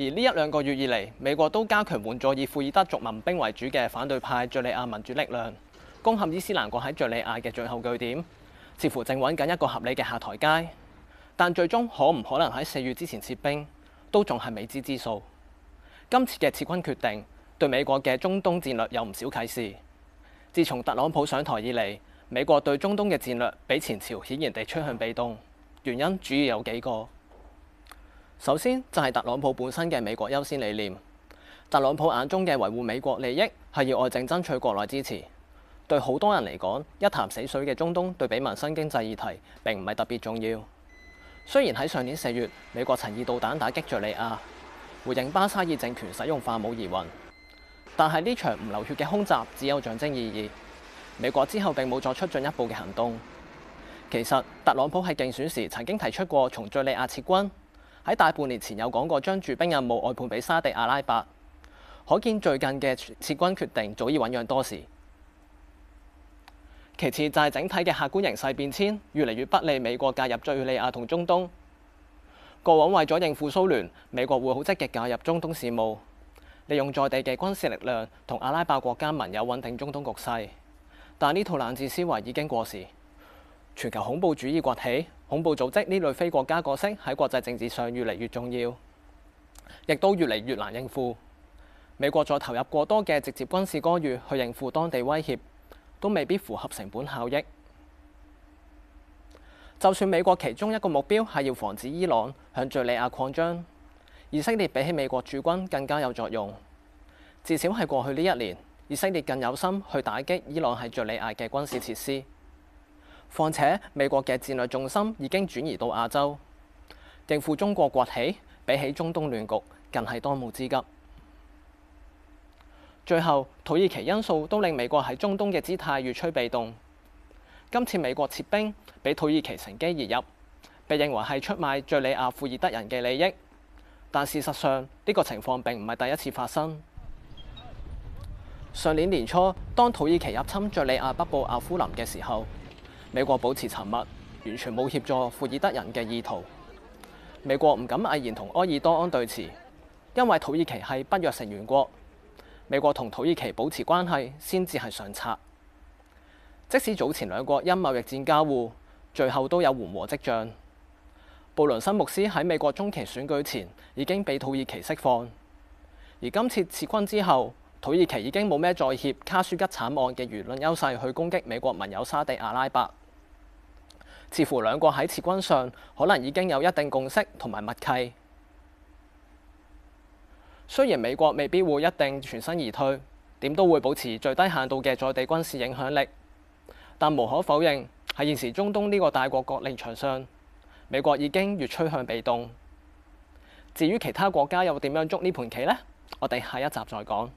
而呢一兩個月以嚟，美國都加強援助以庫爾德族民兵為主嘅反對派敍利亞民主力量，攻陷伊斯蘭國喺敍利亞嘅最後據點，似乎正揾緊一個合理嘅下台階。但最終可唔可能喺四月之前撤兵，都仲係未知之數。今次嘅撤軍決定，對美國嘅中東戰略有唔少啟示。自從特朗普上台以嚟，美國對中東嘅戰略比前朝顯然地趨向被動，原因主要有幾個。首先就係、是、特朗普本身嘅美國優先理念。特朗普眼中嘅維護美國利益係要外政爭取國內支持。對好多人嚟講，一潭死水嘅中東對比民生經濟議題並唔係特別重要。雖然喺上年四月，美國曾以導彈打擊敍利亞，回應巴沙爾政權使用化武疑雲，但係呢場唔流血嘅空襲只有象徵意義。美國之後並冇作出進一步嘅行動。其實特朗普喺競選時曾經提出過從敍利亞撤軍。喺大半年前有講過將駐兵任務外判俾沙地阿拉伯，可見最近嘅撤軍決定早已醖釀多時。其次就係整體嘅客觀形勢變遷，越嚟越不利美國介入敍利亞同中東。過往為咗應付蘇聯，美國會好積極介入中東事務，利用在地嘅軍事力量同阿拉伯國家盟友穩定中東局勢。但呢套冷戰思維已經過時。全球恐怖主義崛起，恐怖組織呢類非國家角色喺國際政治上越嚟越重要，亦都越嚟越難應付。美國再投入過多嘅直接軍事干預去應付當地威脅，都未必符合成本效益。就算美國其中一個目標係要防止伊朗向敘利亞擴張，以色列比起美國駐軍更加有作用。至少係過去呢一年，以色列更有心去打擊伊朗喺敘利亞嘅軍事設施。況且美國嘅戰略重心已經轉移到亞洲，應付中國崛起，比起中東亂局，更係當務之急。最後土耳其因素都令美國喺中東嘅姿態越趨被動。今次美國撤兵，俾土耳其乘機而入，被認為係出賣敘利亞庫爾德人嘅利益，但事實上呢個情況並唔係第一次發生。上年年初，當土耳其入侵敘利亞北部阿夫林嘅時候，美國保持沉默，完全冇協助庫爾德人嘅意圖。美國唔敢毅然同埃爾多安對峙，因為土耳其係北約成員國。美國同土耳其保持關係先至係上策。即使早前兩國因貿易戰交護，最後都有緩和跡象。布倫森牧師喺美國中期選舉前已經被土耳其釋放，而今次撤軍之後，土耳其已經冇咩再協卡舒吉慘案嘅輿論優勢去攻擊美國盟友沙地阿拉伯。似乎兩國喺撤軍上可能已經有一定共識同埋默契。雖然美國未必會一定全身而退，點都會保持最低限度嘅在地軍事影響力。但無可否認，喺現時中東呢個大國角力場上，美國已經越趨向被動。至於其他國家又點樣捉呢盤棋呢？我哋下一集再講。